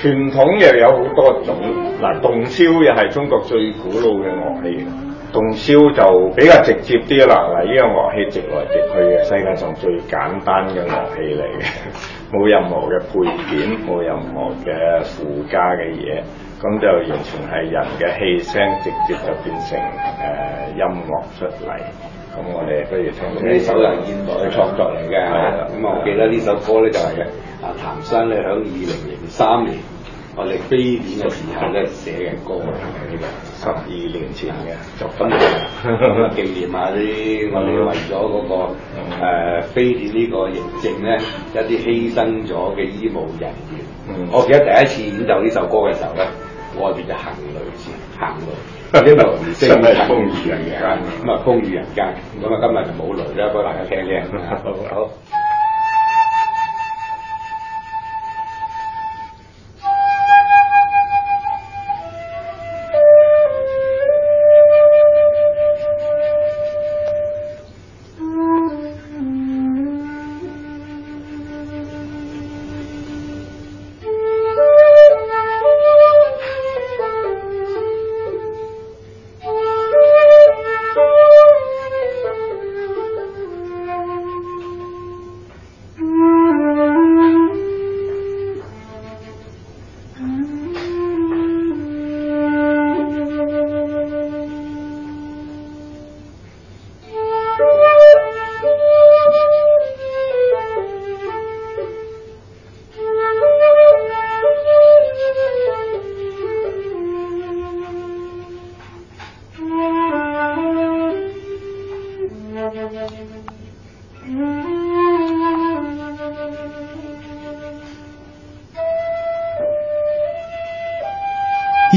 傳統又有好多種，嗱，洞簫又係中國最古老嘅樂器，洞簫就比較直接啲啦。嗱，呢個樂器直來直去嘅，世界上最簡單嘅樂器嚟嘅，冇任何嘅配件，冇任何嘅附加嘅嘢，咁就完全係人嘅氣聲直接就變成誒、呃、音樂出嚟。咁我哋不如聽呢首現代嘅創作嚟嘅，咁我，記得呢首歌咧就係、是。阿譚生咧喺二零零三年，我哋非典嘅時候咧寫嘅歌係呢個，十 二年前嘅，作品嚟嘅，紀念下啲我哋為咗嗰、嗰個非典、呃、呢個疫症咧一啲犧牲咗嘅醫務人員。 我記得第一次演奏呢首歌嘅時候咧，我哋就行雷先，行雷，呢度唔識充滿雨間，咁啊風雨人間，咁啊 今日就冇雷啦，俾大家聽聽。 好。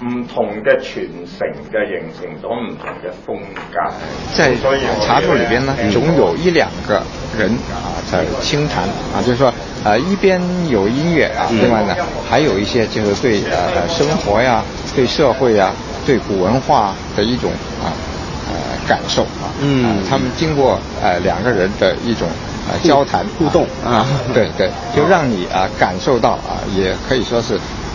唔同嘅傳承嘅形成咗唔同嘅風格。在茶座裏邊呢，嗯、總有一兩個人在、啊嗯啊、清談。啊，就是說，啊，一邊有音樂啊，嗯、另外呢，還有一些就是對啊生活呀、啊、對社會啊、對古文化的一種啊，啊感受啊。嗯啊，他們經過誒兩、啊、個人的一種啊互交談談互動。啊，啊對，對對，就讓你啊感受到啊，也可以說是。